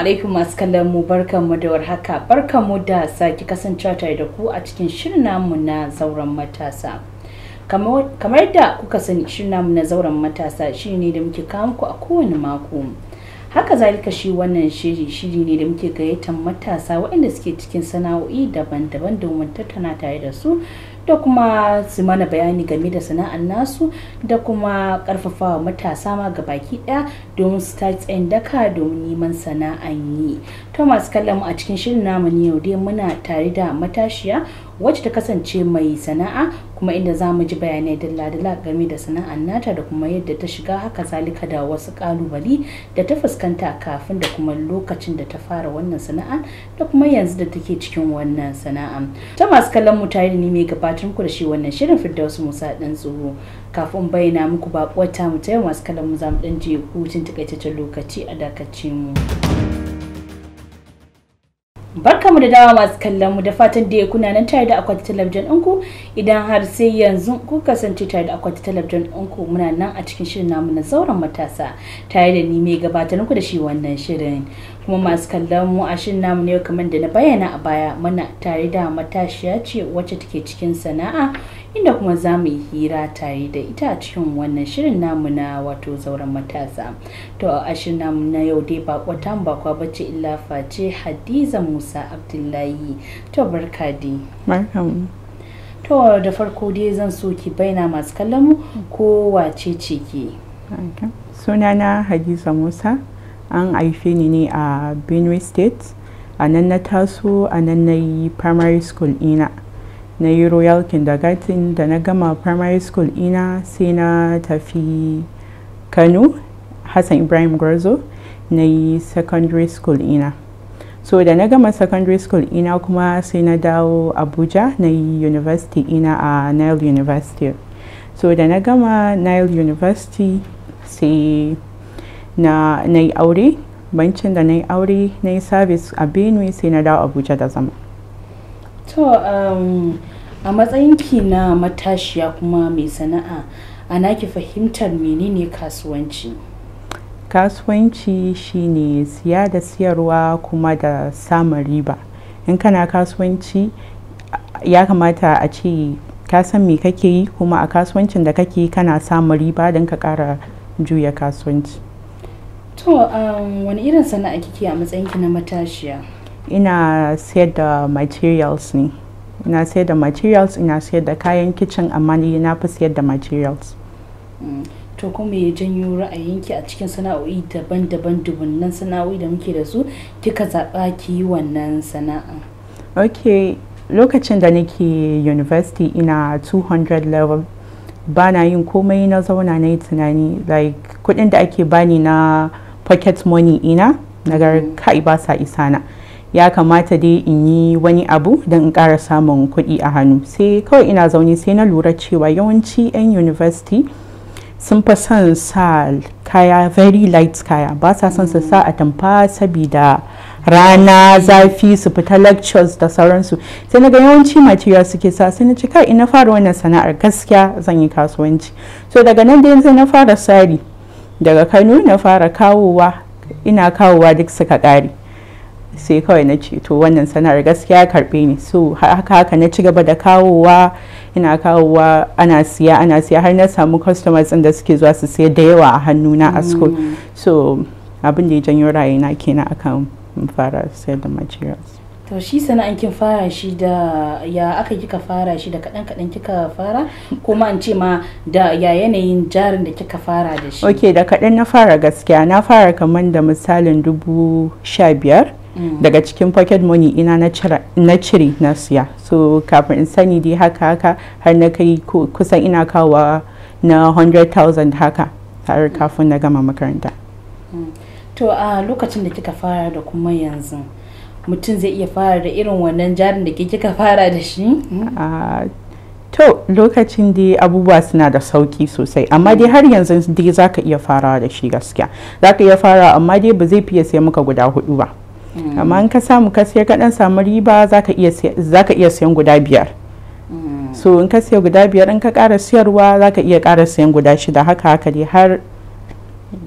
alaikum masu kallon mu barkanmu da warhaka barkanmu da sake kasancewa tare da ku a cikin shirin namu na zauren matasa. Kamar da kuka sani shirin namu na zauren matasa shiri ne da muke kawo ku a kowane mako. Haka zalika shi wannan shiri shiri ne da muke gayyatar matasa waɗanda suke cikin sana'o'i daban-daban domin tattauna tare da su da kuma su mana bayani game da sana'ar nasu da kuma karfafawa matasa ma gabaki daya domin su ta tsayin daka domin neman sana'an yi to masu kallon mu a cikin shirin namu ne yau dai muna tare da matashiya wacce ta kasance mai sana'a kuma inda za mu ji bayanai dalla-dalla game da sana'ar nata da kuma yadda ta shiga haka zalika da wasu kalubali da ta fuskanta kafin da kuma lokacin da ta fara wannan sana'a da kuma yanzu da take cikin wannan sana'a ta masu kallon mu tare da ni mai gabatar muku da shi wannan shirin firdaus musa dan tsoro kafin bayyana muku bakuwar mu ta yau masu kallon mu za mu dan je hutun takaitaccen lokaci a dakacin mu. Barka mu da dawa masu kallon mu da fatan da ya kuna nan tare da akwati talabijin ɗinku idan har sai yanzu ku kasance tare da akwati talabijin ɗinku muna nan a cikin shirin namu na zauren matasa tare da ni mai gabatar ku da shi wannan shirin kuma masu kallon mu a shirin namu ne kamar da na bayyana a baya muna tare da matashiya ce wacce take cikin sana'a inda kuma za mu yi hira tare da ita a cikin wannan shirin namu na wato zauren matasa to a shirin namu na yau dai ba kwatan ba kwa bace illa face hadiza musa abdullahi to barka to da farko dai zan so ki baina masu kallon mu ko wace ce ke sunana hadiza musa an haife ni ne a benue state a nan na taso a nan na yi primary school ina na yi royal kindergarten da na gama primary school ina sai na tafi kano hassan ibrahim garzo na yi secondary school ina so da na gama secondary school ina kuma sai na dawo abuja na yi university ina a nile university so da na gama nile university sai na, na yi aure bancin da na yi aure na yi service a benue sai na dawo abuja da zama to um, a matsayinki na matashiya kuma mai sana'a ana ki fahimtar menene kasuwanci kasuwanci shine siya da siyarwa kuma da samun riba in kana kasuwanci ya kamata a ce ka san me kake yi kuma a kasuwancin da kake kana samun riba don ka kara juya kasuwanci to um, wani irin sana'a kike a matsayinki na matashiya ina sayar da materials ne ina sayar da materials ina sayar da kayan kicin amma ni na fi sayar da materials mm. to kuma ya janyo ra'ayinki a cikin sana'o'i daban-daban dubunnan sana'o'i da muke da su kika zaɓa ki yi wannan sana'a ok lokacin da nake university ina 200 level ba na yin komai na zauna na yi tunani like kudin da ake bani na pocket money ina na mm. kai ba sa isa na ya kamata dai in yi wani abu don in kara samun kuɗi a hannu sai kawai ina zaune sai na lura cewa yawanci 'yan university sun fa son sa kaya very light kaya ba sa son su sa tamfa sabida rana zafi su fita lectures da sauransu sai naga yawanci material suke sa sai na ce kai ina fara wannan sana'ar gaskiya zan yi kasuwanci so daga nan dai sai na fara sari daga kano na fara kawowa ina kawowa duk suka ƙare sai kawai na ce to wannan sana'ar gaskiya karbe ne so haka haka na ci gaba da kawowa ina kawowa ana siya ana siya har na samu customers da suke zuwa su sayar da yawa a hannuna a school mm. so abin da ya janyo rayuna kenan akan fara sayar da materials to shi sana'an kin fara shi da ya aka kika fara shi da kadan kadan kika fara kuma an ce ma da ya yanayin jarin da kika fara da shi okay da kadan na fara gaskiya na fara kamar da misalin dubu sha biyar daga cikin pocket money ina na cire na siya so kafin in sani dai haka haka har na kai kusan ina kawo na 100,000 haka tare kafin na gama makaranta mm. to a lokacin da kika fara da kuma yanzu mutum zai iya fara da irin wannan jarin da kika fara da shi mm. to lokacin dai abubuwa suna da sauki sosai amma dai har yanzu dai zaka iya farawa da shi gaskiya zaka iya farawa amma dai ba zai fiye sai muka guda hudu ba amma in ka samu ka siya ka dan samu riba zaka iya sayan iya siyan guda biyar so in ka siya guda biyar in ka kara siyarwa zaka iya kara siyan guda shida haka haka dai har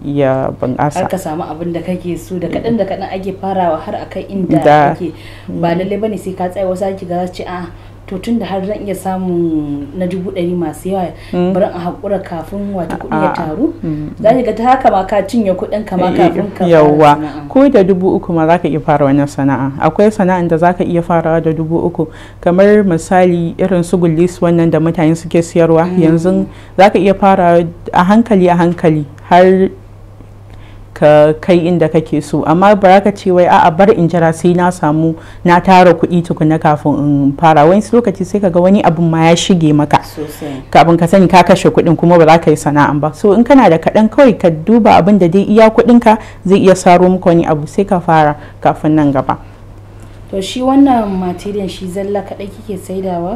ya bunƙasa har ka samu abin da kake so da kaɗan da kaɗan ake farawa har akan inda kake ba lallai bane sai ka tsaya wasu ake ga ce a ah, to tun da har zan iya samun na dubu ɗari masu yawa hmm. bari a haƙura kafin wata kuɗi ya taru hmm. za ka ga ta haka ma ka cinye kuɗin ka ma eh, kafin ka yawwa ko da dubu uku ma za ka iya fara wannan sana'a akwai sana'an da za ka iya farawa da dubu uku kamar misali irin su gullis wannan da mutane suke siyarwa hmm. yanzu za ka iya fara a hankali a hankali har ka kai inda kake so amma bara ka ce wai a'a bar in jira sai na samu na tara kuɗi tukuna kafin in fara wani lokaci sai kaga wani abun ma ya shige maka kafin ka sani ka kashe kuɗin kuma ba za ka yi sana'an ba so in kana da kaɗan kawai ka duba abin da dai iya kuɗin ka zai iya saro maka wani abu sai ka fara kafin nan gaba to shi wannan material shi zalla kaɗai kike saidawa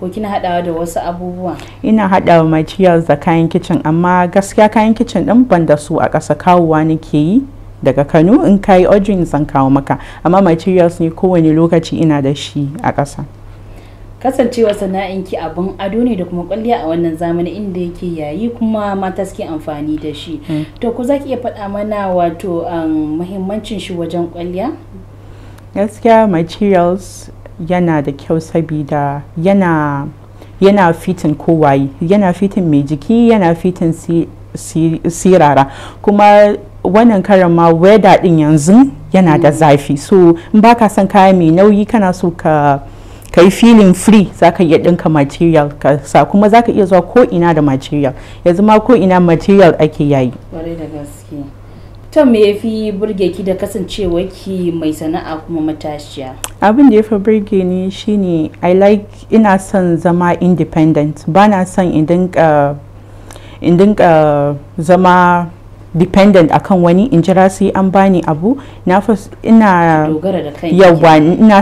ko kina hadawa da wasu abubuwa ina hadawa materials da kayan kicin amma gaskiya kayan kicin din ban da su a ƙasa kawowa nake yi daga kano in kayi ordering zan kawo maka amma materials ne kowane lokaci ina da shi a ƙasa kasancewa sana'inki abun ado ne da kuma kwalliya a wannan zamani inda yake yayi kuma mata suke amfani da shi hmm. to ku za ki iya faɗa mana wato um, muhimmancin shi wajen kwalliya gaskiya materials yana da kyau sabida yana yana fitin kowaye yana fitin mai jiki yana fitin sirara kuma wannan karan ma weather din yanzu yana da mm. zafi so in baka son kaya mai nauyi kana so ka ka yi feeling free za ka iya ɗinka material ka sa kuma za ka iya zuwa ko ina da material yanzu ma ko ina material ake yayi to me ya fi burge ki da kasancewa ki mai sana'a kuma matashiya abin da ya fi burge ni shine i like ina son zama independent ba na son in dinka zama dependent akan wani in jira sai an bani abu na ina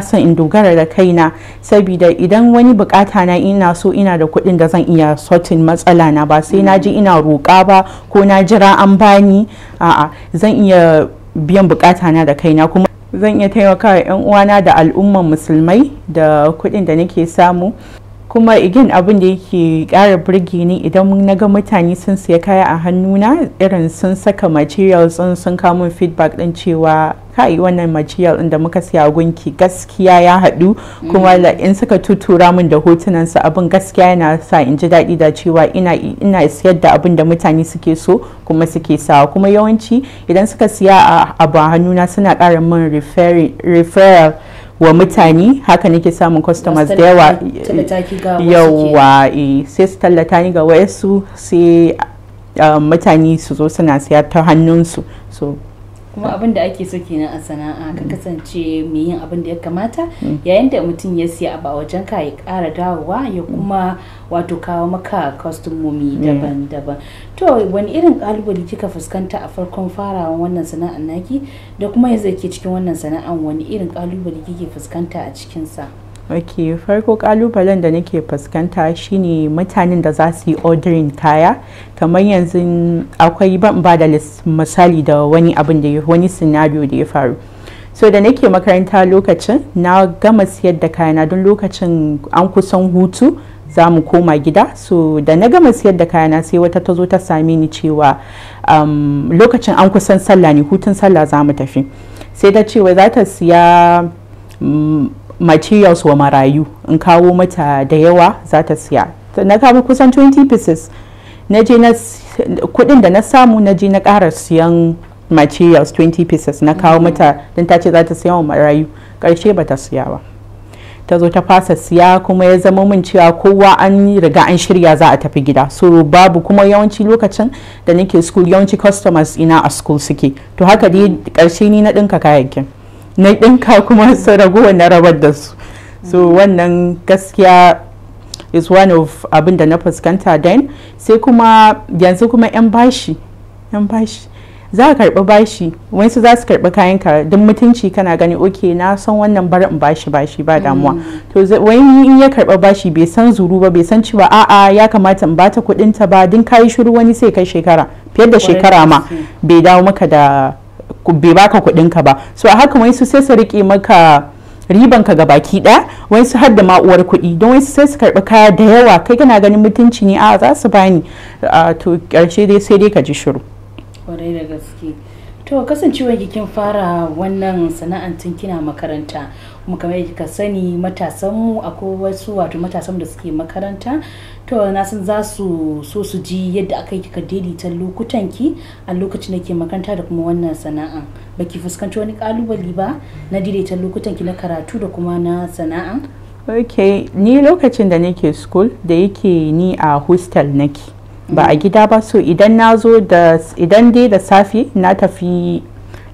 son in dogara da kaina saboda idan wani bukata na ina so ina da kuɗin da zan iya sotin matsala na ba sai na ji mm. ina roƙa ba ko na jira an bani a'a zan iya biyan bukata na da kaina kuma zan iya taimakawa 'yan uwana da al'umman musulmai da kuɗin da nake samu kuma igin abin da yake kara birge ni idan na ga mutane sun siya kaya a hannuna irin sun saka material sun sun min feedback din cewa kai wannan material din da muka siya gunki gaskiya ya haɗu kuma mm. in suka tutura min da hotunan su abin gaskiya yana sa in ji daɗi da cewa ina ina siyar da abin da mutane suke so kuma suke sawa kuma yawanci idan suka siya a abu a hannuna suna kara min referral wa mutane haka nake samun customers da yawa yawa eh, sai su tallata ni ga wasu sai ah, mutane su zo suna siya ta hannunsu so kuma abin da ake so kenan a sana'a ka mm. kasance mai yin abin da ya kamata mm. yayin da mutum ya siya a wajen ka ya kara dawowa ya mm. kuma wato kawo maka kwastomomi daban-daban to wani irin kalubale kika fuskanta a farkon farawan wannan sana'ar naki da kuma yanzu ke cikin wannan sana'ar wani irin kalubale kike fuskanta a cikinsa ok farko kalubalen da nake fuskanta shine mutanen da za su yi ordering kaya kamar yanzu akwai ban ba da misali da wani abin da wani scenario da ya faru so da nake makaranta lokacin na gama siyar da kaya na don lokacin an kusan hutu za mu koma gida so da na gama siyar da kaya na sai wata ta ta same ni cewa um, lokacin an kusan sallah ne hutun sallah za mu tafi sai ta ce za ta siya mm, materials wa marayu in kawo mata da yawa za ta siya na kawo kusan 20 pieces na je na kudin da na samu na je na kara siyan materials 20 pieces na kawo mm-hmm. mata don ta ce za ta siya wa marayu karshe ba ta siya ba ta zo ta fasa siya kuma ya zama min cewa kowa an riga an shirya za a tafi gida so babu kuma yawanci lokacin da nake school yawanci customers ina a school suke to haka dai karshe ni na ɗinka kayayyakin na ɗinka kuma su ragu na rabar da su so mm. wannan gaskiya is one of abin na fuskanta den sai kuma yanzu kuma 'yan bashi 'yan bashi za ka karɓi bashi wani su za su karɓi kayan ka duk mutunci kana gani oke na san wannan bar in bashi bashi ba damuwa mm. to wani in ya karɓi bashi bai san zuru ba bai san cewa a'a ya kamata in bata kuɗin ta ba din kayi shiru wani sai kai shekara fiye da shekara ma bai dawo maka da bai baka kudin ka ba so a haka wai su sai su rike maka riban ka baki ɗaya wai su hadda ma uwar kuɗi don wai su sai su karɓi kaya da yawa kai kana ganin mutunci ne a za su bani to karshe dai sai dai ka ji shiru kwarai da gaske to kasancewa kin fara wannan sana'antun kina makaranta kuma kamar yadda ka sani matasanmu akwai wasu wato matasanmu da suke makaranta to na san za su so su ji yadda aka yi kika daidaita ki a lokacin da ke makaranta da kuma wannan sana'a baki fuskanci wani kalubale ba na daidaita lokutan ki na karatu da kuma na sana'a ok ni lokacin da nake school da yake ni a hostel nake ba a mm. gida ba so idan na zo da idan dai da safe na tafi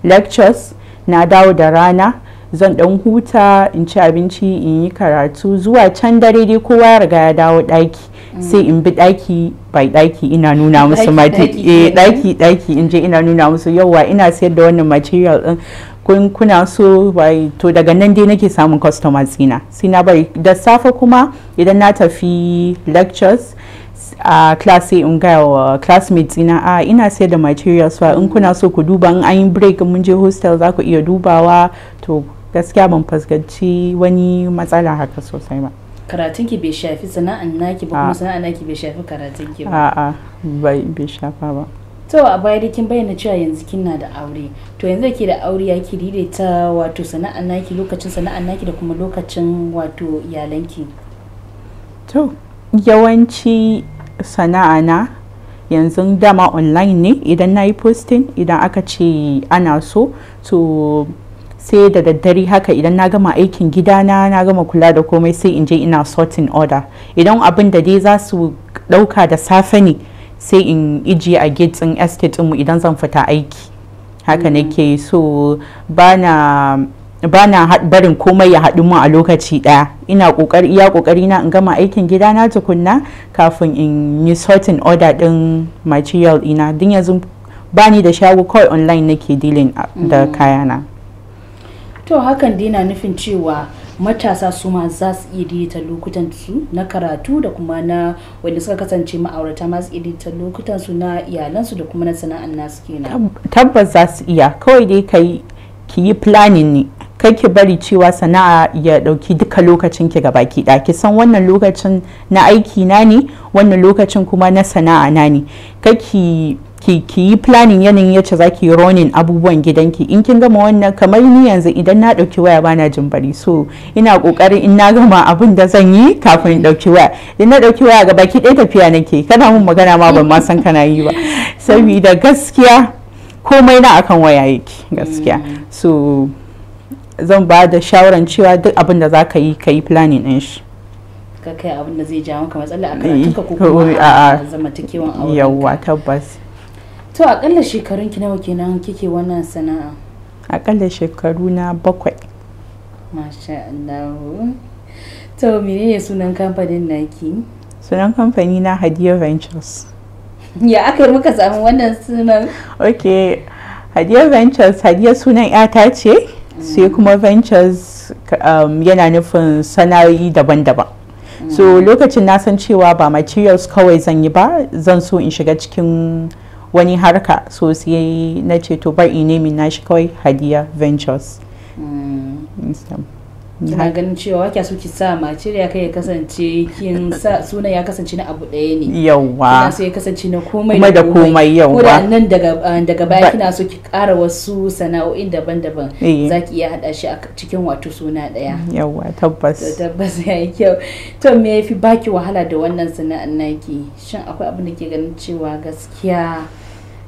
lectures na dawo da rana zan dan huta in ci abinci in yi karatu zuwa can dare dai kowa ya riga ya dawo daki sai in bi daki bai daki ina nuna musu eh daki daki in je ina nuna musu yawa ina sayar da wannan material din kun kuna so bai to daga nan dai nake samun customers ina sai na bari da safe kuma idan na tafi lectures a uh, class in gaya wa classmates ina a uh, ina sayar da materials fa in kuna so ku duba in an yi break mun je hostel za ku iya dubawa to gaskiya ban fasgaci wani matsala haka sosai ba karatun ki bai shafi sana'an naki ba kuma sana'an naki bai shafi karatun ki ba a'a bai bai shafa ba to a baya da kin bayyana cewa yanzu kina da aure to yanzu ke da aure ya ki daidaita wato sana'an naki lokacin sana'an naki da kuma lokacin wato iyalanki to yawanci sana'a na yanzu dama online ne idan na yi posting idan aka ce ana so to sai da daddare haka idan na gama aikin gidana na gama kula da komai sai in je ina sorting order idan abin da dai za su dauka da safe ne sai in iji a gate din estate mu idan zan fita aiki haka mm. nake so bana bana barin komai ya haɗu mu a lokaci ɗaya ina ƙoƙari iya ƙoƙari na in gama aikin gida na tukunna kafin in yi sorting order ɗin material ina din yanzu bani da shago kawai online nake dealing da mm. kayana to hakan dai na nufin cewa matasa su ma za su iya daidaita lokutan su na karatu da kuma na wanda suka kasance ma'aurata ma su iya daidaita lokutan su na iyalansu da kuma na sana'an nasu kenan tabbas za su iya kawai dai kai ki yi planning ne kai ki bari cewa sana'a ya dauki duka lokacin ki ki da ki san wannan lokacin na aiki na ne wannan lokacin kuma na sana'a na ne kai ki ki ki yi planning yanayin yacce za ki running abubuwan gidanki in kin gama wannan kamar ni yanzu idan na ɗauki waya bana jin bari so ina ƙoƙarin in na gama abin da zan yi kafin in ɗauki waya idan na ɗauki waya ga baki ɗaya tafiya nake kana mun magana ma ban ma san kana yi ba saboda gaskiya komai na akan waya yake gaskiya so zan ba da shawaran cewa duk abin da za ka yi ka yi planning ɗin shi ka kai abin da zai ja maka matsala a eh, karatunka ko kuma a zamantakewan aure yawa tabbas to akalla shekarun ki nawa kenan kike wannan sana'a akalla shekaru na bakwai masha Allah to menene sunan kamfanin naki sunan kamfani na Hadiya Ventures ya aka muka samu wannan sunan okay Hadiya Ventures Hadiya sunan yata ce sai mm. kuma Ventures um, yana nufin sana'o'i daban-daban so mm. lokacin na san cewa ba materials kawai zan yi ba zan so in shiga cikin wani harka so sai na ce to bar in min na shi kawai hadiya ventures mm. na ganin cewa kya so ki sa cire ya kai ya kasance kin sa sunan ya kasance na abu daya ne yawa kina so ya kasance na komai da komai yawa kuma nan daga ah, daga baya kina so ki kara wasu sana'o'in daban-daban eh. zaki iya hada shi a cikin wato suna ɗaya yawa tabbas tabbas yayi kyau to me yafi baki wahala da wannan sana'an naki shin akwai abin da ke ganin cewa gaskiya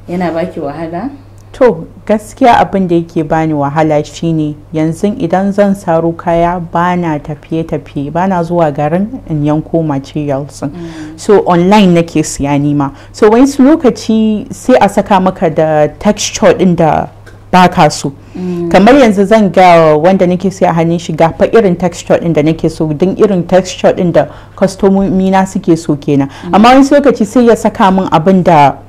yana baki wahala to gaskiya abin da yake bani wahala shine yanzu idan zan saro kaya bana tafiye-tafiye bana zuwa garin in yanko materials mm. so online nake siya nima so wani lokaci sai a saka maka da texture din da baka so mm. kamar yanzu zan ga wanda nake siya hannun shi ga fa irin texture din da nake so din irin texture din da kwastomomi na suke so kenan mm. amma wani lokaci sai ya saka min abin da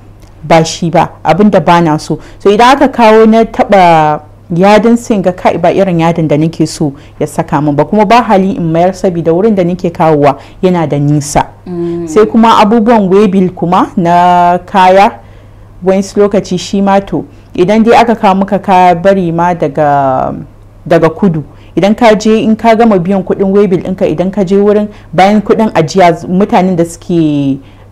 ba shi ba abinda ba na so so idan aka kawo na taba yadin sin ga kai ba irin yadin da nake so ya saka min ba kuma ba hali in mayar saboda wurin da nake kawowa yana da nisa mm. sai kuma abubuwan webil kuma na kaya wani lokaci shi ma to idan dai aka kawo muka kaya bari ma daga daga kudu idan ka je in ka gama biyan kudin webil dinka idan ka je wurin bayan kudin ajiya mutanen da suke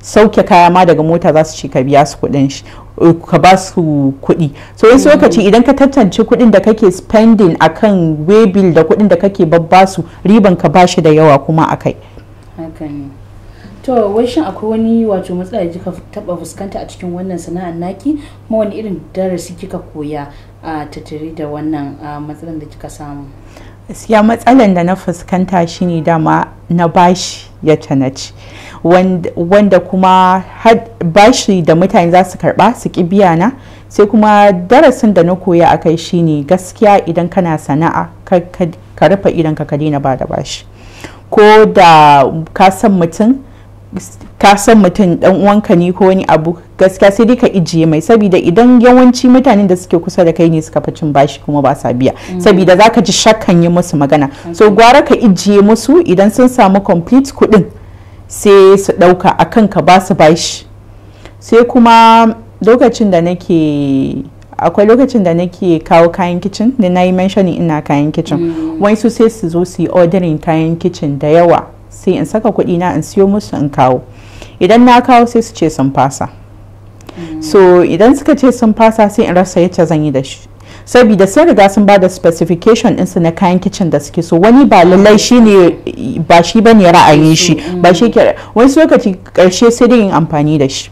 sauke kaya ma daga mota za su ce ka biya su kudin shi eh, ka ba su kudi so wasu hmm. lokaci idan ka tantance kudin da kake spending akan way da kudin da kake babba su riban ka bashi da yawa kuma akai to wai shin akwai wani wato matsala da kika taba fuskanta a cikin wannan sana'ar naki kuma wani irin darasi kika koya a tattare da wannan matsalar da kika samu siya matsalan da na fuskanta shine dama na bashi ya tanaci wanda kuma bashi da mutane za su karba su ki biya na sai kuma darasin da na koya a kai shine gaskiya idan kana sana'a ka rufe idan ka daina ba da bashi ko da ka san mutum ka san mutum dan uwanka ne ko wani abu gaskiya sai dai ka ijiye mai saboda idan yawanci mutanen da suke kusa da kai ne suka fi cin bashi kuma ba sa biya mm. saboda zaka ji shakkan yi musu magana mm. so gwara ka ijiye musu idan sun samu complete kuɗin sai su ɗauka akan ka ba su bashi sai kuma lokacin da nake akwai lokacin da nake kawo kayan kicin da na yi mentioning ina kayan kicin mm. wani su sai su zo su yi ordering kayan kicin da yawa sai in saka kuɗi na in siyo musu in kawo idan na kawo sai su ce sun fasa so idan suka ce sun fasa sai in rasa yace zan yi da shi saboda sun riga sun ba da specification ɗinsu na kayan kicin da suke so wani ba lallai shi ne ba shi ba ne ra'ayin shi mm-hmm. ba shi ke wani lokaci karshe sai dai yin amfani da shi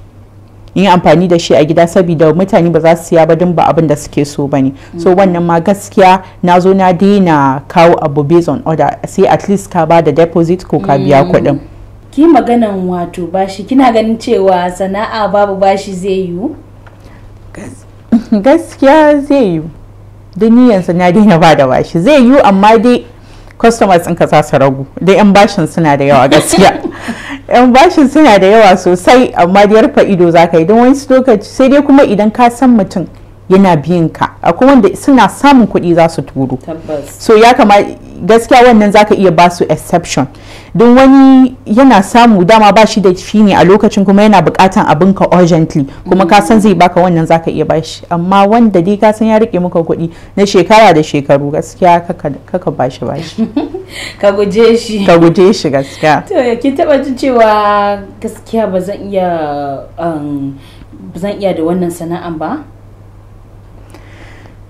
yin amfani da shi a gida saboda mutane ba za su siya ba don ba abin da suke so ba ne so mm-hmm. wannan ma gaskiya na zo na daina kawo abu based on order sai at least ka ba da deposit ko ka biya mm-hmm. kuɗin ki maganan wato bashi kina ganin cewa sana'a babu bashi zai yiwu gaskiya zai yiwu da yanzu na daina ba da bashi zai yiwu amma dai customers ɗinka za su ragu da yan bashin suna da yawa gaskiya yan bashin suna da yawa sosai amma da yarfa ido za ka yi don wani lokaci sai dai kuma idan ka san mutum yana biyan ka akwai wanda suna samun kuɗi za su turo so ya kama gaskiya wannan za ka iya ba su exception don wani yana samu dama ba shi da shi ne a lokacin kuma yana bukatan abin ka urgently kuma ka san zai baka wannan zaka iya bashi amma wanda dai ka san ya rike maka kuɗi na shekara da shekaru gaskiya kaka bashi bashi ka guje shi ka guje shi gaskiya to ki taba jin cewa gaskiya ba zan iya um, ba zan iya da wannan sana'an ba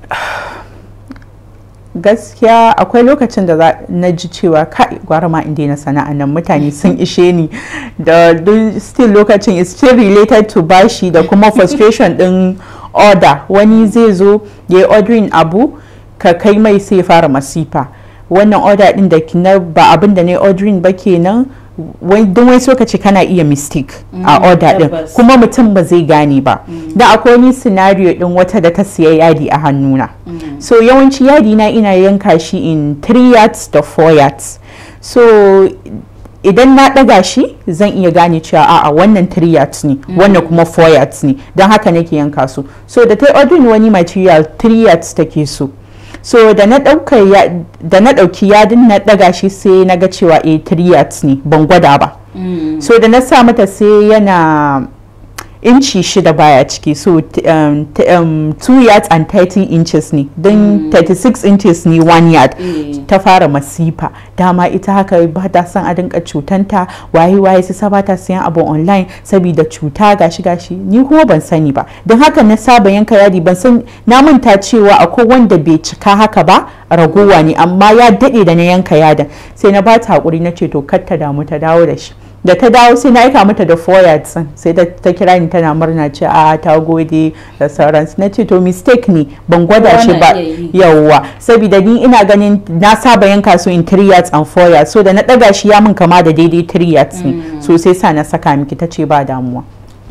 gaskiya akwai lokacin da na ji cewa kai gwara ma inda na sana'a nan mutane sun ishe ni da still lokacin is still related to bashi da kuma frustration din order wani zai zo ya yi ordering abu ka kai mai sai fara masifa wannan order din da ba abin da na ordering ba kenan don wai lokaci kana iya mistake a mm, order din kuma mutum ba zai gane ba mm. da akwai wani scenario din wata da ta siya yadi a hannuna mm. so yawanci yadi na ina yanka shi in 3 yards da 4 yards so idan na ɗaga shi zan iya gane cewa a'a wannan 3 yards ne wannan kuma 4 yards ne don haka nake yanka su so da ta ordin wani material 3 yards take so so da na ɗauki yadin na ɗaga shi sai na ga cewa eh, a ne ban gwada ba mm. so da na sa mata sai yana inci shida baya ciki so 2 um, um, two yards and 30 inches ne don mm. 36 inches ne one yard eh. ta fara masifa dama ita haka ba ta san a dinka cutanta waye waye sai saba ta siyan abu online saboda cuta gashi gashi ni kuma ban sani ba don haka na saba yanka yadi ban san na manta cewa akwai wanda bai cika haka ba raguwa ne amma ya daɗe da na yanka yadin sai na ba ta hakuri na ce to kar ta damu ta dawo da shi da ta dawo sai na aika mata da sun sai ta kira ni tana murna ce a ta gode da sauransu na ce to mistake ne ban gwada shi ba yawwa saboda ni ina ganin na saba yanka su in 3 yards and 4 yards so da na daga shi ya min kama da daidai 3 yards ne mm. so sai sa na saka miki ta ce ba damuwa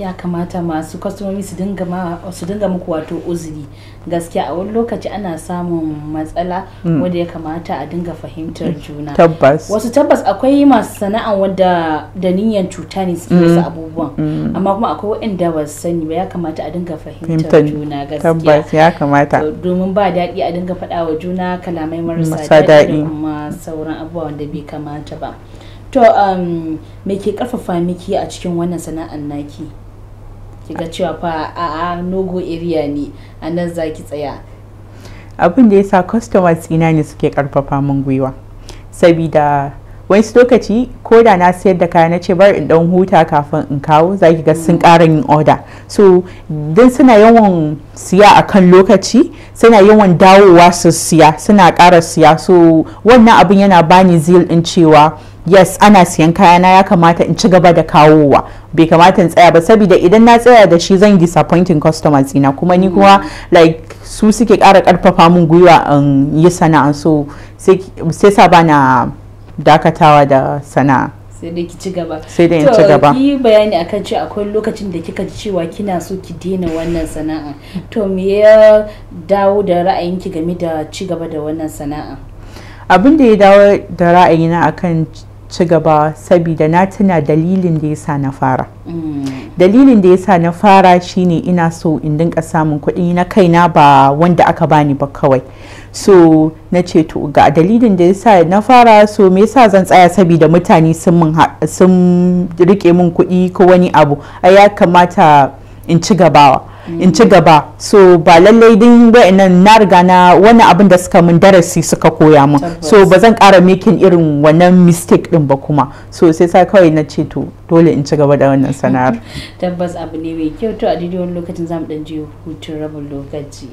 ya kamata masu kwastomomi su dinga su dinga muku wato uzuri gaskiya a wani lokaci ana samun matsala mm. wanda ya kamata a dinga fahimtar juna tabbas wasu tabbas akwai masu sana'a wanda da niyyar cuta ne suke wasu mm. abubuwan mm. amma kuma akwai waɗanda ba su sani ba ya kamata a dinga fahimtar juna gaskiya tabbas ya kamata domin ba daɗi a dinga faɗa wa juna kalamai marasa daɗi amma sauran abubuwa wanda bai kamata ba to um, me ke karfafa miki a cikin wannan sana'ar naki ga cewa fa a nogo area ne a nan za ki tsaya abin da ya sa customers ina ne suke karfafa min gwiwa sabida wani lokaci ko da na sayar da kaya na ce bar in dan huta kafin in kawo za ki ga sun mm. ƙara yin order so don suna yawan siya a kan lokaci suna yawan dawowa su siya suna ƙara siya so wannan abin yana bani zil in cewa yes ana siyan kayana ya kamata in ci gaba da kawowa bai kamata in tsaya ba saboda idan na tsaya da shi zan disappointing customers ina kuma ni kuma mm. like su suke kara karfafa min gwiwa in yi sana'a so sai sa bana dakatawa da sana'a sai dai ki ci gaba sai dai ci gaba bayani akan ce akwai lokacin da kika ji cewa kina so ki daina wannan sana'a to me ya dawo da ra'ayinki game da ci gaba da wannan sana'a abin da ya dawo da ra'ayina akan ci gaba saboda na tuna dalilin da ya sa na fara mm. dalilin da ya sa na fara shine ina so in dinka samun kuɗi na kaina ba wanda aka bani ba kawai so na ce to ga dalilin da ya sa na fara so me yasa zan tsaya saboda mutane sun rike min kuɗi ko wani abu ai ya kamata in ci gabawa in ci gaba so ba lallai din nan na riga na wani abin da suka min darasi suka koya min so ba zan kara making irin wannan mistake din ba kuma so sai sa kawai na ce to dole in ci gaba da wannan sana'ar tabbas abu ne mai kyau to a daidai wani lokacin zamu dan je hutun rabin lokaci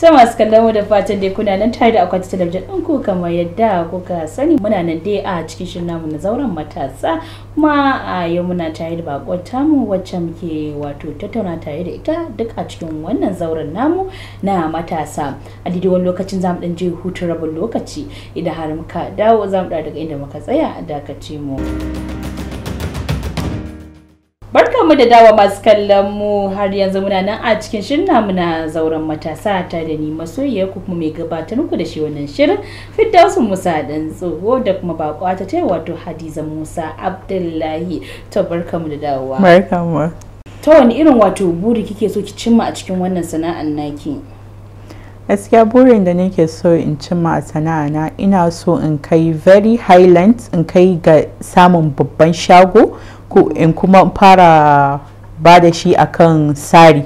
ta masu kallon mu da fatan dai kuna nan tare da akwati talabijin ɗin ku kamar yadda kuka sani muna nan dai a cikin shirin namu na zauren matasa kuma a yau muna tare da bakon mu wacce muke wato tattauna tare da ita duk a cikin wannan zauren namu na matasa a daidai wani lokacin zamu ɗan je hutu rabin lokaci idan har muka dawo zamu daga inda muka tsaya a dakace mu. Barka mu da dawa masu kallon mu har yanzu muna nan a cikin shirin namu na zauren matasa ta da ni masoyiya ku kuma mai gabatar muku da shi wannan shirin Firdausu Musa dan tsoho da kuma bakwa ta tai wato Hadiza Musa Abdullahi to barka mu da dawowa. Barka mu. Ta wani irin wato buri kike so ki cimma a cikin wannan sana'an naki? Gaskiya burin da nake so in cimma a sana'a na ina so in kai very highlands in kai ga samun babban shago in kuma fara ba da shi akan sari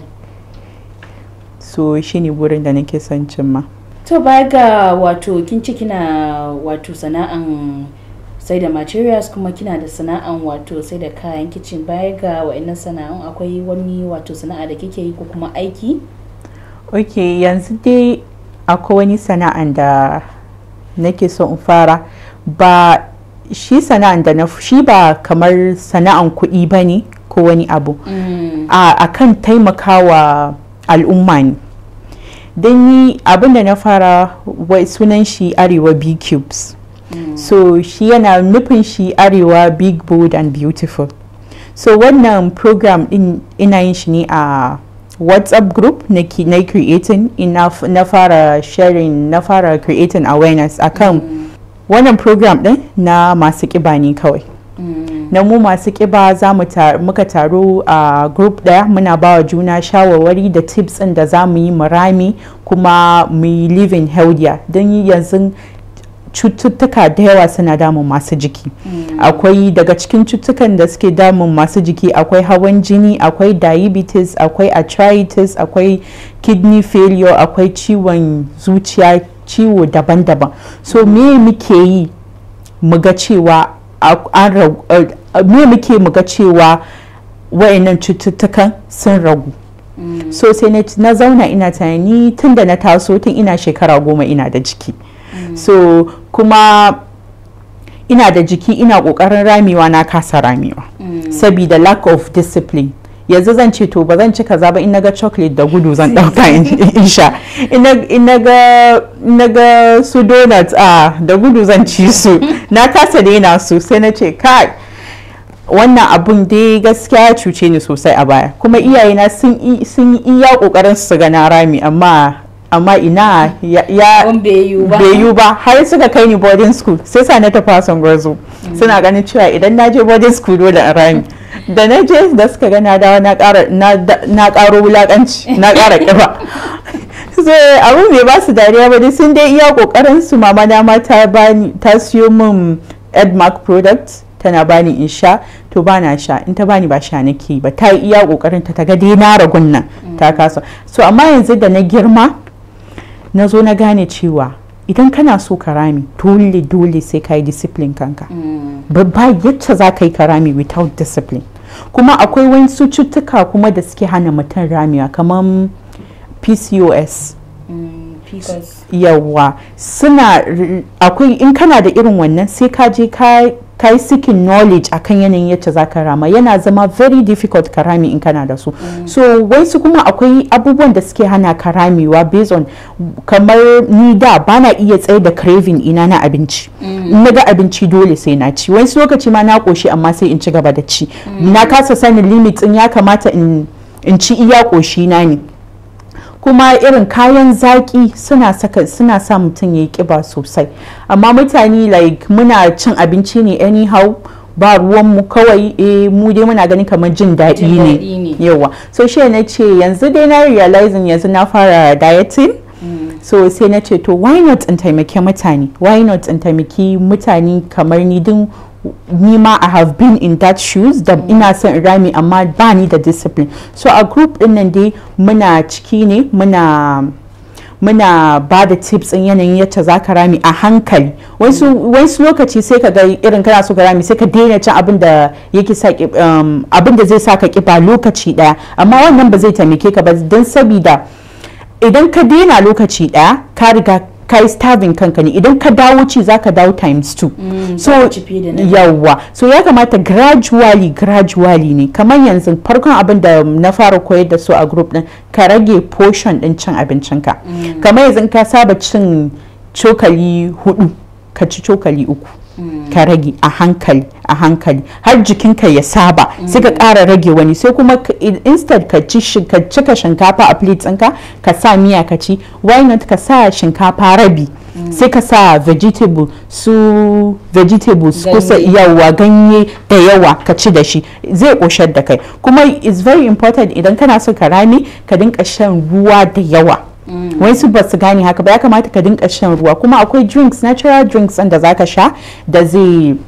so shi ne burin da nake son cimma to baya ga wato kin ci kina wato sana'an sai da materials kuma kina da sana'an wato sai da kayan kicin baya ga wa'annan sana'an akwai wani wato sana'a da kike yi ko kuma aiki ok yanzu dai akwai wani sana'an da nake son fara ba shi sana'an da na shi ba kamar sana'an kuɗi ba ne ko wani abu mm. a kan taimakawa al'umma ne don yi abin da na fara sunan shi arewa big cubes mm. so shi yana nufin shi arewa big bold and beautiful so wannan program ina yin shi ne a whatsapp group na creating na fara sharing na fara creating awareness akan mm. wannan program din na masu kiba ne kawai mm. na mu masu kiba za muka taru a group daya muna bawa wa juna shawarwari da tips ɗin da za mu yi murami kuma mu yi living healthier don yanzu cututtuka da yawa suna damun masu jiki mm. akwai daga cikin cututtukan da suke damun masu jiki akwai hawan jini akwai diabetes akwai arthritis akwai kidney failure akwai ciwon zuciya ciwo daban-daban so me muke yi muga cewa me muke muga cewa wayannan cututtukan sun ragu mm. so sai na zauna ina tunani tun da na taso tun ina shekara goma ina da jiki mm. so kuma ina da jiki ina kokarin ramewa na kasa ramewa mm. sabida saboda lack of discipline yanzu zan ce to ba zan ci kaza ba in naga chocolate da gudu zan dauka in sha in naga su donuts a da gudu zan ci su na kasa daina su sai na ce kai wannan abun dai gaskiya cuce ni sosai a baya kuma iyayena sun yi iya kokarin su ga na rami amma amma ina ya beyu ba har suka kai ni boarding school sai sa na tafi gazo gwarzo mm. suna ganin cewa idan na je boarding school dole a rami da na je da suka ga na dawo na karo wulakanci na kara kiba so abu bai ba su dariya ba sun dai iya kokarin su mama na ma ta siyo min edmark product tana bani in sha to ba na sha in ta bani ba sha nake ba ta yi iya kokarin ta ta ga dai na ragun nan ta kasa so amma yanzu da na girma na zo na gane cewa idan kana so ka rami dole dole sai ka yi discipline kanka ba yadda za ka yi ka rami without discipline kuma akwai wasu cutuka kuma da suke hana mutum ramiwa kamar pcos yawa suna akwai in kana da irin wannan sai ka je ka kai sikin seeking knowledge akan yanayin yadda za ka rama yana zama very difficult ka rami in kana da su mm. so su kuma akwai abubuwan da suke hana ka ramewa based on kamar ni da bana iya tsaye da craving ina na abinci mm. na ga abinci dole sai na ci wani lokaci ma na koshi amma sai in ci gaba da ci mm. na kasa sanin limit in ya kamata in ci iya koshi na ne kuma irin kayan zaki suna saka suna sa mutum ya yi ƙiba sosai amma mutane like muna cin abinci ne anyhow ba ruwanmu kawai eh mu dai muna gani kamar jin daɗi ne yawa so shi na ce yanzu dai na realizing yanzu na fara dieting mm. so sai na ce to why not in taimake mutane why not in taimake mutane kamar ni din nima i have been in that shoes da mm. ina son in rami amma ba ni da discipline so a group din nan dai muna ciki ne muna muna ba da tips in yanayin yacce za ka rami a hankali mm. wasu lokaci sai ka ga irin kana so ka rami sai ka daina cin abin da um, abin da zai sa ka kiba lokaci daya amma wannan ba zai taimake ka ba don sabida idan ka daina lokaci daya ka riga ka yi starving kanka ne idan ka dawo ci za ka dawo times two mm, so yawwa so ya kamata gradually gradually ne kamar yanzu farkon abin da na fara koyar da su a group din ka rage portion din cin abincinka mm. kamar yanzu ka saba cin cokali hudu ka ci cokali uku ka rage a hankali a hankali har jikinka ya saba sai ka ƙara rage wani sai kuma instant ka ci cika shinkafa a plate ɗinka ka sa miya ka ci why not ka sa shinkafa rabi sai ka sa vegetable su vegetables kusa yawa ganye da yawa ka ci da shi zai koshar da kai kuma is very important idan kana so ka rani ka dinka shan ruwa da yawa wai su basu gane haka ba ya kamata ka dinka shan ruwa kuma akwai drinks natural drinks da ka sha da zai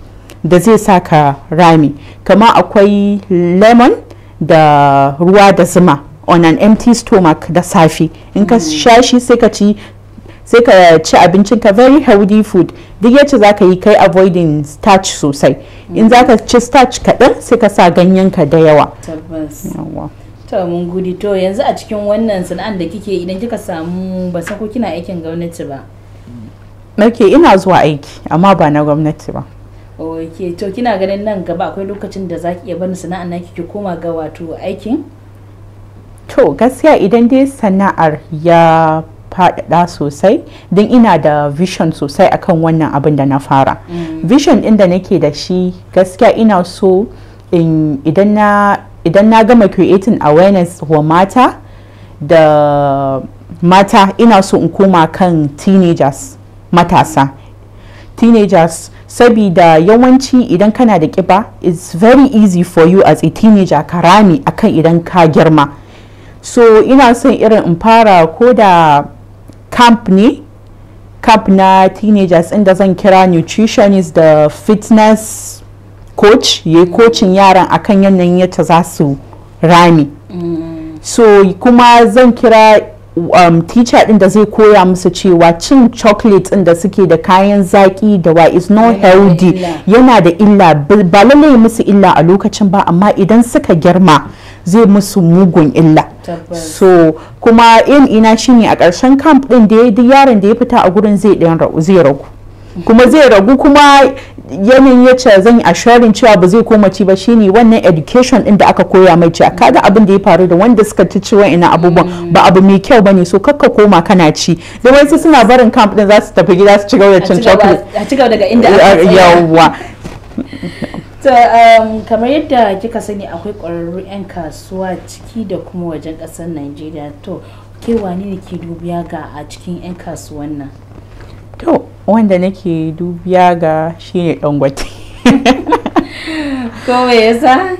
sa ka rami kama akwai lemon da ruwa da zuma on an empty stomach da safi in ka mm. sha shi sai ka ci sai ka ci abincinka very healthy food duk yace za ka yi kai avoiding starch sosai in za ka mm. ci starch kaɗan sai ka sa ganyenka da yawa mun gudi to yanzu a cikin wannan sana'an da kike idan kika samu ba san kina aikin gwamnati ba ok ina zuwa aiki amma ba na gwamnati ba ok to kina ganin nan gaba akwai lokacin da za ki iya barin sana'an naki kike koma ga wato aikin to gaskiya idan dai sana'ar ya faɗaɗa sosai don ina da vision sosai akan wannan abin da na fara mm. vision ɗin da nake da shi gaskiya ina so idan na idan na gama creating awareness wa mata da mata ina so in koma kan teenagers matasa teenagers sabida yawanci idan kana da kiba it's very easy for you as a teenager ka rami akan idan ka girma so ina son irin in fara ko da camp ne camp na teenagers inda zan kira nutritionist da fitness coach ya yi kocin yaran akan yanayin yadda za su rami so kuma zan kira um, teacher din da zai koya musu cewa cin chocolate din da suke da kayan zaki da wa is no healthy yana da illa ba lalle musu illa a lokacin ba amma idan suka girma zai musu mugun illa so kuma in ina shine a karshen camp din da yaron da ya fita a gurin zai ragu kuma zai ragu kuma yanayin ya ce zan yi ashirin cewa ba zai koma ci ba shine wannan education din da aka koya mai cewa kaga abin da ya faru da wanda suka ci ciwon ina abubuwan mm. ba abu mai kyau bane so kakka koma kana ci da wasu suna barin camp din za su tafi gida su ci gaba cin chocolate a ci daga inda aka um, kamar yadda kika sani akwai ƙwararru 'yan kasuwa ciki da kuma wajen kasar Najeriya to ke wane ne ke dubiya ga a cikin 'yan kasuwan nan to wanda nake dubiya ga shine dangote ko yasa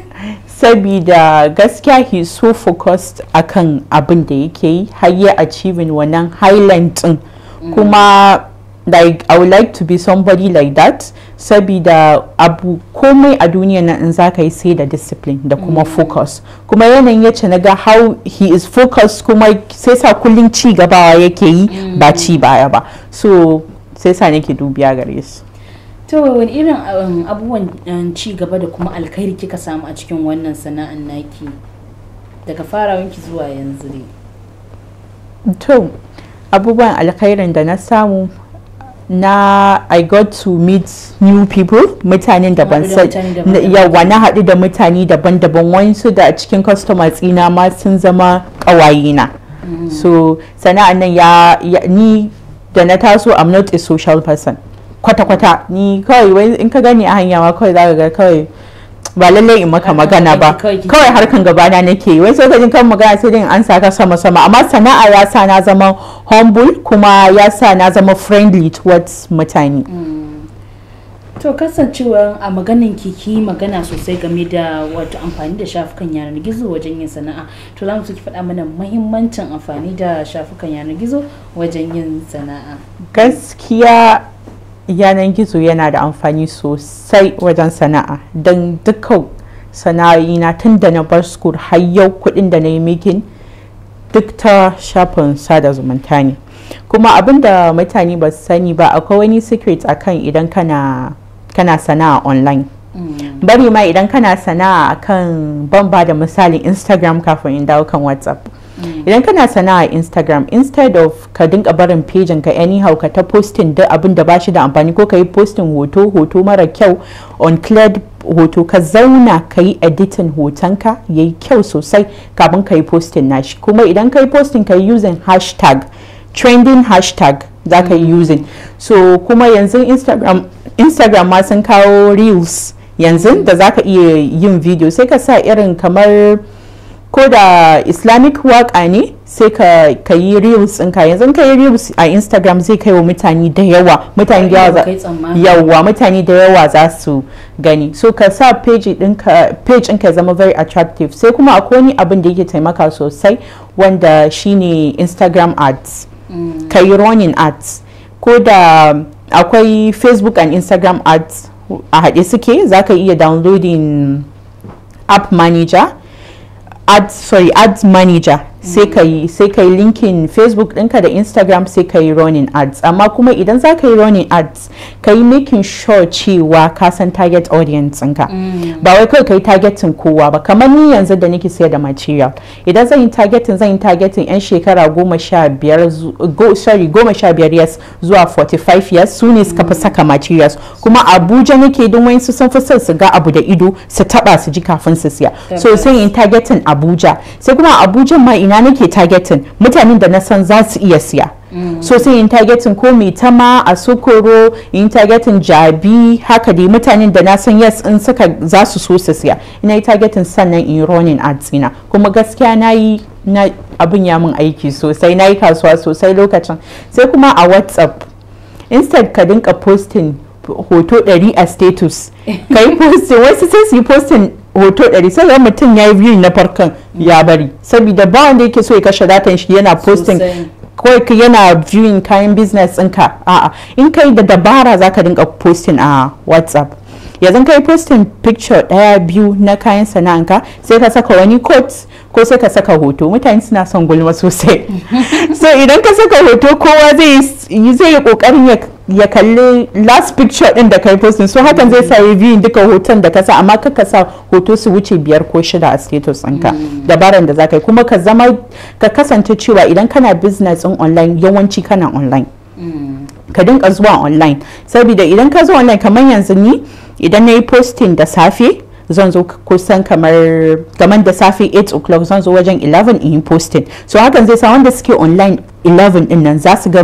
sabida gaskiya he so focused akan abin da yake yi har ya achieving wannan highland din mm. kuma like i would like to be somebody like that sabida abu komai a duniya nan in zaka yi sai da discipline da kuma mm. focus kuma yanayin ya na ga how he is focused kuma sai sa kullum ci gabawa yake yi mm. ba ci baya ba so sai sa nake dubiya gare su to wani irin um, abubuwan um, ci gaba da kuma alkhairi kika samu a cikin wannan sana'an naki daga wanki zuwa yanzu ne to abubuwan alkhairin da na samu na i got to meet new people mutanen daban yawa na haɗu da mutane daban-daban su da cikin customers ina ma sun zama ƙawayena mm. so sana'an nan ya ni da na taso i'm not a social person kwata-kwata ni kawai in ka gani a hanya ma kawai za ga kawai ba lallai in maka magana ba kawai harkan gabana nake yi wai sai ka kan magana sai dai an saka sama sama amma sana'a ya sa na zama humble kuma ya sa na zama friendly towards mutane mm. to kasancewa a maganin kiki magana sosai game da wato amfani da shafukan yanar gizo wajen yin sana'a to za mu faɗa mana muhimmancin amfani da shafukan yanar gizo wajen yin sana'a gaskiya yanar gizo yana da amfani sosai wajen sana'a don dukkan sana'o'ina na tun da na bar school har yau kudin da na yi making duk ta shafin sada zumunta ne kuma abin da mutane ba su sani ba akwai wani secret akan idan kana kana sana'a online mm. bari ma idan kana sana'a akan ban ba da misalin instagram kafin in dawo kan whatsapp idan kana sana'a instagram instead of ka dinka barin pejin ka anyhow ka ta posting duk abin da bashi da amfani ko ka yi posting hoto hoto mara kyau on cleared hoto ka zauna ka yi editing hotonka ya yi kyau sosai kafin ka yi posting nashi kuma idan ka yi posting ka yi using hashtag trending hashtag za ka yi using so kuma yanzu instagram instagram ma sun kawo reels yanzu da za ka iya yin video sai ka sa irin kamar ko da islamic waka ne sai ka yi reels ɗinka yanzu ka yi reels a instagram zai kai wa mutane da yawa mutane da yawa mutane da yawa za su gani so ka sa page ɗinka ka zama very attractive sai kuma akwai wani abin da yake taimaka sosai wanda shine instagram ads mm. ka yi running ads ko da akwai facebook and instagram ads a haɗe suke za ka iya downloading app manager ads sorry ads manager sai ka yi sai ka linkin facebook ɗinka da instagram sai ka yi running ads amma kuma idan za ka yi running ads ka yi making sure cewa ka san target audience ɗinka mm. ba wai kawai ka yi targetin kowa ba kamar ni yanzu da nake sayar da material idan zan yi targetin zan yi targetin yan shekara goma sha biyar sorry goma sha biyar years zuwa 45 years su ne suka fi mm. saka materials kuma abuja nake don wayansu sun fi son su ga abu da ido su taba su ji kafin su siya so sai in targetin abuja sai kuma abuja ma ina ma'ana nake targeting mutanen da na san za su iya siya mm. so sai in targetin ko mai tama a sokoro in targetin jabi haka dai mutanen da na san yes in suka za su so su siya ina yi targetin sannan in running ads ina kuma gaskiya na yi na abin ya min aiki sosai na yi kasuwa sosai lokacin sai kuma a whatsapp instead ka dinka posting hoto 100 a status ka yi posting wasu sai su yi posting hoto 100 sai ga mutum ya yi viewing na farkon ya bari saboda ba wanda yake so ya kashe datan shi yana posting kawai ka yana viewing kayan business ɗinka a'a in kai da dabara zaka dinga posting a whatsapp yanzu kai postin picture daya biyu na kayan sana'anka sai ka saka wani coat ko sai ka saka hoto mutane suna son gulma sosai so idan ka saka hoto kowa zai zai yi kokarin ya ya kalli last picture din da kai posting so hakan zai sa reviewing duka hoton da ka sa amma ka sa hoto su wuce biyar ko shida a status ɗinka mm. dabaran da za ka kuma ka zama ka kasance cewa idan kana business in online yawanci kana online mm. ka dinka zuwa online saboda idan ka zo online kamar yanzu ni idan na yi posting da safe zan zo kusan kamar kamar da safe 8 o'clock zan zo wajen 11 in yi posting so hakan zai sa wanda suke online 11 din nan za su ga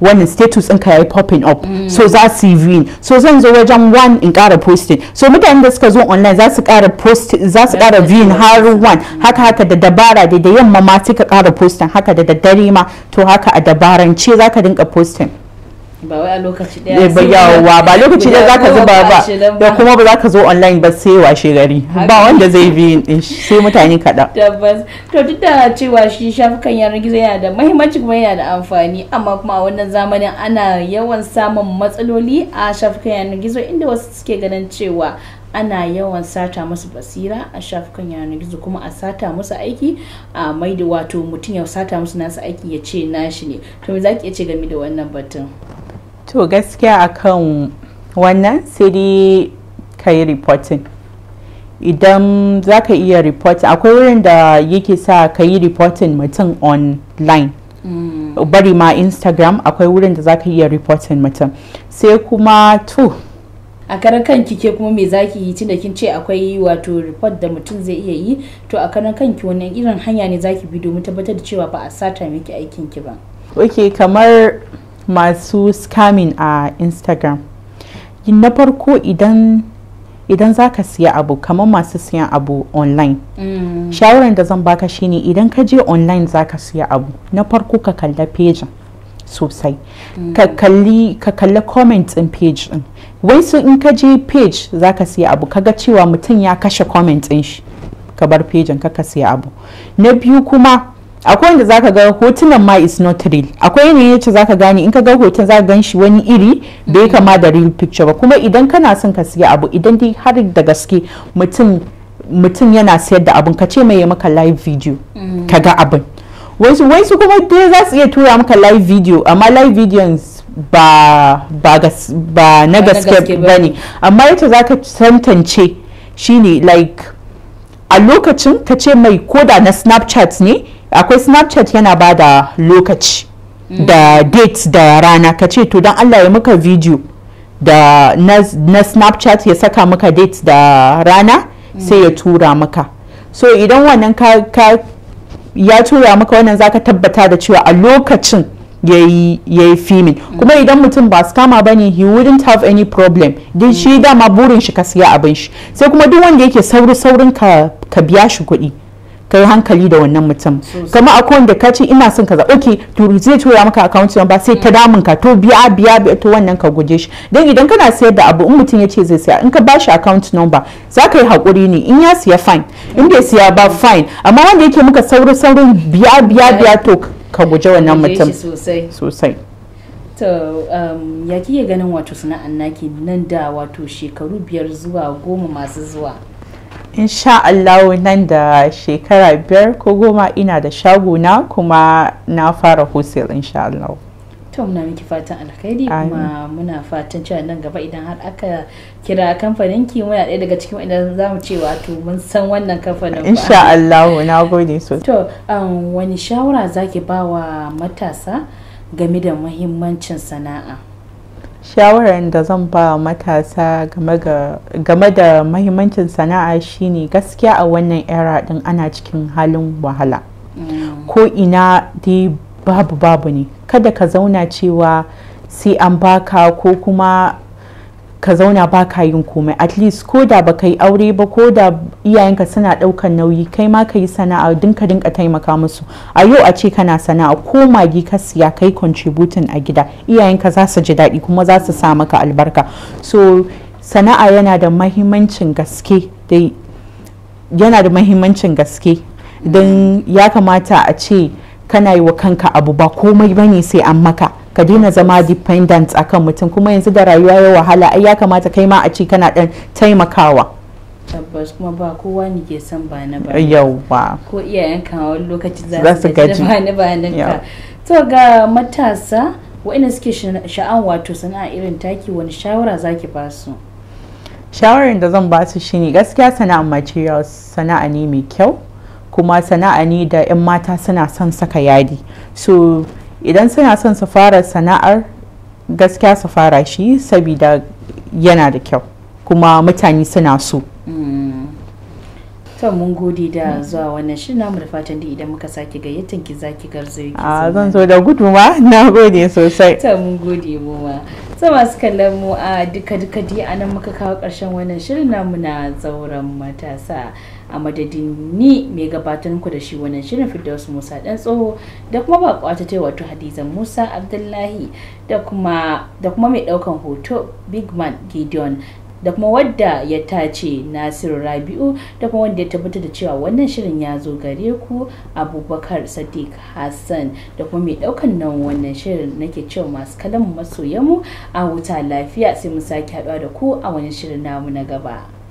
wannan status ɗinka ya yi popping up mm. so za su yi viewing so zan zo wajen 1 in ƙara posting so mutane da suka zo online za su ƙara post za su ƙara viewing har 1 haka haka da dabara da yamma ma suka ƙara posting haka da daddare ma to haka a ce za ka dinka posting ba wai a lokaci daya ba yawa ba lokaci daya zuba ba da kuma ba za ka zo online ba sai washe gari ba wanda zai bi sai mutane kaɗan tabbas to duk da cewa shi shafukan yanar gizo yana da mahimmanci kuma yana da amfani amma kuma a wannan zamanin ana yawan samun matsaloli a shafukan yanar gizo inda wasu suke ganin cewa ana yawan sata musu basira a shafukan yanar gizo kuma a sata musu aiki a maida wato mutum ya sata musu nasu aiki ya ce nashi ne to me zaki iya ce game da wannan batun to gaskiya akan wannan sai dai ka yi reporting idan za ka iya ripotin akwai wurin da yake sa ka yi reporting mutum online mm. bari ma instagram akwai wurin da za ka iya reporting mutum sai kuma to a karan kanki ke kuma me zaki yi tunda kin ce akwai wato report da mutum zai iya yi to a karan kanki wannan irin hanya ne zaki bi domin tabbatar da cewa ba a sata miki aikin ki ba ok kamar masu scamming a instagram na farko idan idan za ka siya abu kamar masu siyan abu online mm. shawarar da zan baka shine idan ka je online za ka siya abu na farko ka kalla pejin sosai mm. ka kalli comments in page din wai su in ka je page za ka siya abu kaga cewa mutum ya kashe comments din shi ka bar pejin ka ka siya abu na biyu kuma akwai wanda zaka ga hotunan ma is not real akwai yanayin yace zaka gane in ka ga hoton zaka gan shi wani iri bai mm. kama da real picture ba kuma idan kana son ka siya abu idan dai har da gaske mutum mutum yana sayar da abun ka ce mai ya maka live video mm. ka ga abin wasu wasu kuma dai za su iya tura maka live video amma live videos ba ba, ba na gaske bane amma yace zaka tantance shine like a lokacin ka ce mai koda na snapchat ne akwai snapchat yana ba da lokaci mm. da date da rana ka ce to don allah ya muka video da na snapchat ya saka maka date da rana mm. sai ya tura maka so idan wannan ka ya tura maka wannan zaka tabbata da cewa a lokacin ya yi filmin kuma idan mutum ba su ba ne he wouldn't have any problem din shi dama burin shi ka siya abin shi sai kuma duk wanda yake sauri saurin ka biya shi kuɗi ka yi hankali da wannan mutum kama akwai wanda ka ce ina son kaza ok to zai tura maka account number sai ta mm. damun ka to biya biya biya to wannan ka guje shi dan idan kana sayar da abu in mutum ya ce zai siya in ka ba shi account number za ka yi hakuri ne in ya siya fine in bai siya ba fine amma wanda yake muka sauri saurin biya biya biya to ka guji wannan mutum sosai to um, ya kiye ganin wato sana'an naki nan da wato shekaru biyar zuwa goma masu zuwa insha Allah nan da shekara biyar ko goma ina da shaguna kuma na fara hotel insha Allah to muna miki fatan alkhairi kuma muna fatan cewa nan gaba idan har aka kira kamfanin ki muna ɗaya daga cikin idan za mu ce wato mun san wannan kamfanin insha Allah na gode sosai to um, wani shawara zaki ba wa matasa game da muhimmancin sana'a shawaran da zan ba wa matasa game da muhimmancin sana'a shine gaskiya a wannan era din ana cikin halin wahala mm. ko ina dai babu babu ne kada ka zauna cewa sai an baka ko kuma ka zauna baka yin komai at least ko da baka yi aure ba ko da iyayenka suna daukan nauyi kai ma ka yi sana'a dinka dinka taimaka musu a yau a ce kana sana'a ko magi ka siya kai contributing a gida iyayenka za su ji daɗi kuma za su sa maka albarka so sana'a yana da mahimmancin gaske dai yana da mahimmancin gaske don ya kamata a ce kana yi wa kanka abu ba komai bane sai an maka ka daina zama dependent akan mutum kuma yanzu da rayuwa ya wahala ai ya kamata kai ma a ci kana dan taimakawa tabbas kuma ba kowa ne ke son ba na ba yauwa ko iyayen ka wani lokaci za su gaji ba na ba ka to ga matasa waɗanda suke sha'an wato sana'a irin taki wani shawara zaki ba su shawarar da zan ba su shine gaskiya sana'a mace sana'a ne mai kyau kuma sana'a ne da 'yan mata suna son saka yadi so idan suna son su fara sana'ar gaskiya su fara shi sabida yana da kyau kuma mutane suna so mm. to mun gode da zuwa wannan shi namu da fatan da idan muka sake gayyatan ki zaki garzo yake a ah, zan zo da guduma na gode sosai to mun gode mu ma to masu kallon mu a duka duka dai anan muka kawo karshen wannan shirin namu na zauren matasa a madadin ni mai gabatar ku da shi wannan shirin firdaus musa dan tsoho da kuma bakwa ta wato hadiza musa abdullahi da kuma mai daukan hoto big man gideon da kuma wadda ya tace nasiru rabi'u da kuma wanda ya tabbata da cewa wannan shirin ya zo gare ku abubakar sadiq hassan da kuma mai daukan nan wannan shirin nake cewa masu kalan masoyanmu a wuta lafiya sai mu sake haɗuwa da ku a wani shirin namu na gaba.